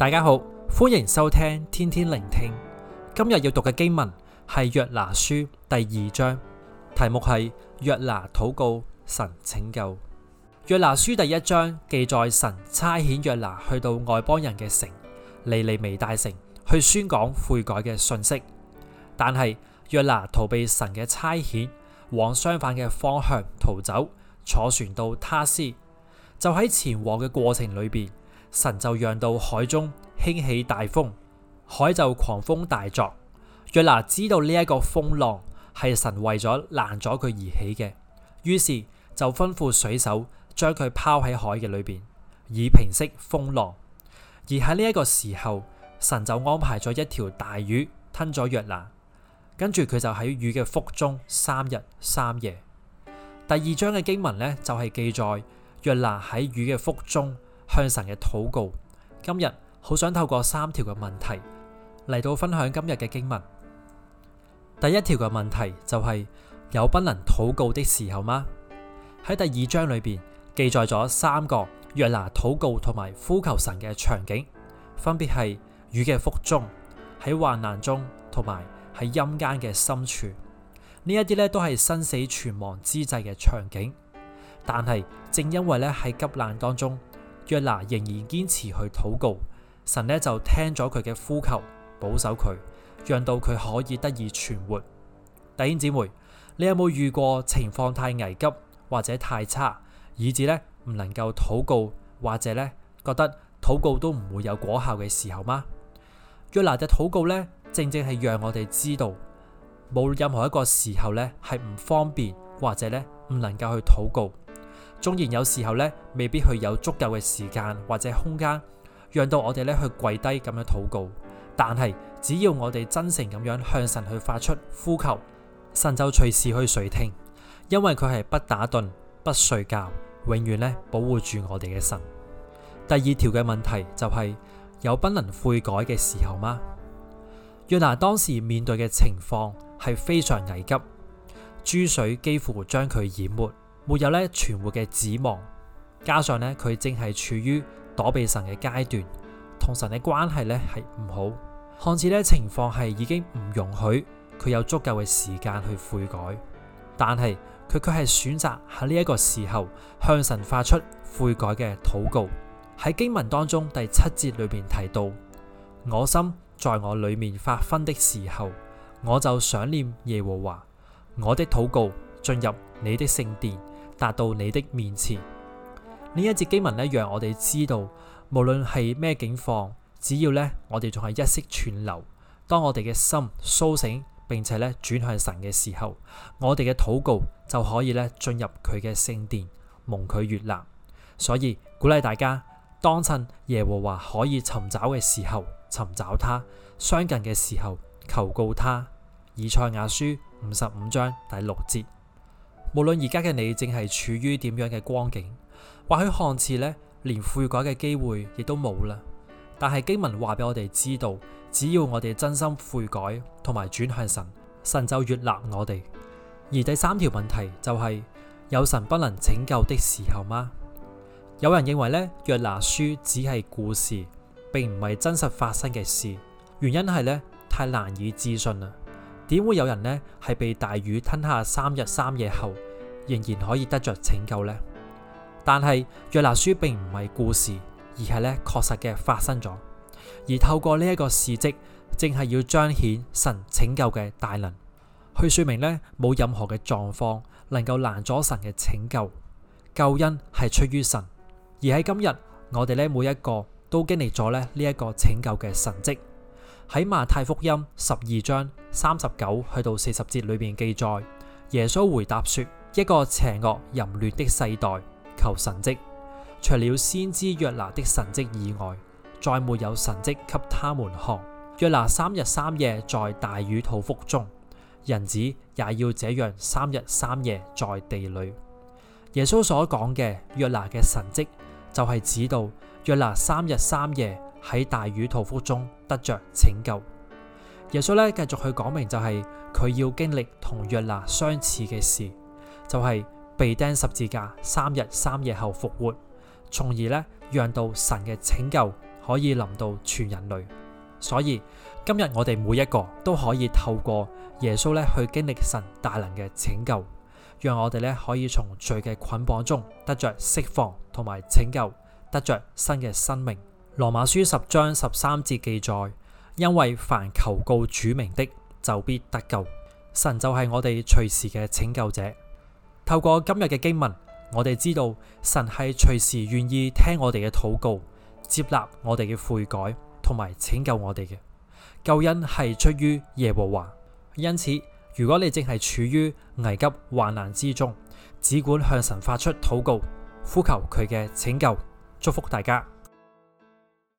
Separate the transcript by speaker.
Speaker 1: 大家好，歡迎收聽天天靈聽。今日要讀嘅經文係約拿書第二章，題目係約拿禱告神拯救。約拿書第一章記載神差遣約拿去到外邦人嘅城尼尼微大城去宣講悔改嘅訊息，但係約拿逃避神嘅差遣，往相反嘅方向逃走，坐船到他施，就喺前往嘅過程裏邊。神就讓到海中興起大風，海就狂風大作。若拿知道呢一個風浪係神為咗難咗佢而起嘅，於是就吩咐水手將佢拋喺海嘅裏邊以平息風浪。而喺呢一個時候，神就安排咗一條大魚吞咗若拿，跟住佢就喺魚嘅腹中三日三夜。第二章嘅經文呢，就係記載若拿喺魚嘅腹中。向神嘅禱告。今日好想透過三條嘅問題嚟到分享今日嘅經文。第一條嘅問題就係、是、有不能禱告的時候嗎？喺第二章裏邊記載咗三個約拿禱告同埋呼求神嘅場景，分別係魚嘅腹中、喺患難中同埋喺陰間嘅深處。呢一啲呢都係生死存亡之際嘅場景，但係正因為呢喺急難當中。約拿仍然堅持去禱告，神呢就聽咗佢嘅呼求，保守佢，讓到佢可以得以存活。弟兄姊妹，你有冇遇過情況太危急或者太差，以致呢唔能夠禱告，或者呢覺得禱告都唔會有果效嘅時候嗎？約拿嘅禱告呢，正正係讓我哋知道，冇任何一個時候呢係唔方便或者呢唔能夠去禱告。縱然有時候咧，未必去有足夠嘅時間或者空間，讓到我哋咧去跪低咁樣禱告。但係只要我哋真誠咁樣向神去發出呼求，神就隨時去垂聽，因為佢係不打盹、不睡覺，永遠咧保護住我哋嘅神。第二條嘅問題就係、是、有不能悔改嘅時候嗎？約拿當時面對嘅情況係非常危急，諸水幾乎將佢淹沒。沒有咧存活嘅指望，加上呢，佢正係處於躲避神嘅階段，同神嘅關係呢，係唔好，看似呢情況係已經唔容許佢有足夠嘅時間去悔改，但係佢卻係選擇喺呢一個時候向神發出悔改嘅禱告。喺經文當中第七節裏邊提到：我心在我裏面發昏的時候，我就想念耶和華，我的禱告進入你的聖殿。達到你的面前呢一節經文呢，讓我哋知道無論係咩境況，只要呢，我哋仲係一息存留，當我哋嘅心蘇醒，並且咧轉向神嘅時候，我哋嘅禱告就可以咧進入佢嘅聖殿，蒙佢悅納。所以鼓勵大家當趁耶和華可以尋找嘅時候尋找他，相近嘅時候求告他。以賽亞書五十五章第六節。無論而家嘅你正係處於點樣嘅光景，或許看似咧連悔改嘅機會亦都冇啦。但係經文話俾我哋知道，只要我哋真心悔改同埋轉向神，神就悦納我哋。而第三條問題就係、是、有神不能拯救的時候嗎？有人認為咧約拿書只係故事，並唔係真實發生嘅事，原因係咧太難以置信啦。點會有人呢係被大魚吞下三日三夜後，仍然可以得着拯救呢？但係約拿書並唔係故事，而係呢確實嘅發生咗。而透過呢一個事蹟，正係要彰顯神拯救嘅大能，去說明呢冇任何嘅狀況能夠攔阻神嘅拯救。救恩係出於神，而喺今日，我哋呢每一個都經歷咗呢呢一個拯救嘅神蹟。喺《馬太福音》十二章三十九去到四十節裏面記載，耶穌回答說：一個邪惡淫亂的世代求神蹟，除了先知約拿的神蹟以外，再沒有神蹟給他們看。約拿三日三夜在大魚肚腹中，人子也要這樣三日三夜在地裏。耶穌所講嘅約拿嘅神蹟，就係指到約拿三日三夜。喺大魚肚腹中得着拯救，耶穌咧繼續去講明，就係佢要經歷同約拿相似嘅事，就係被釘十字架，三日三夜後復活，從而咧讓到神嘅拯救可以臨到全人類。所以今日我哋每一個都可以透過耶穌咧去經歷神大能嘅拯救，讓我哋咧可以從罪嘅捆綁中得着釋放，同埋拯救，得着新嘅生命。羅馬書十章十三節記載：「因為凡求告主名的，就必得救。」神就係我哋隨時嘅拯救者。透過今日嘅經文，我哋知道神係隨時願意聽我哋嘅禱告，接納我哋嘅悔改，同埋拯救我哋嘅。救恩係出於耶和華，因此如果你正係處於危急患難之中，只管向神發出禱告，呼求佢嘅拯救。祝福大家。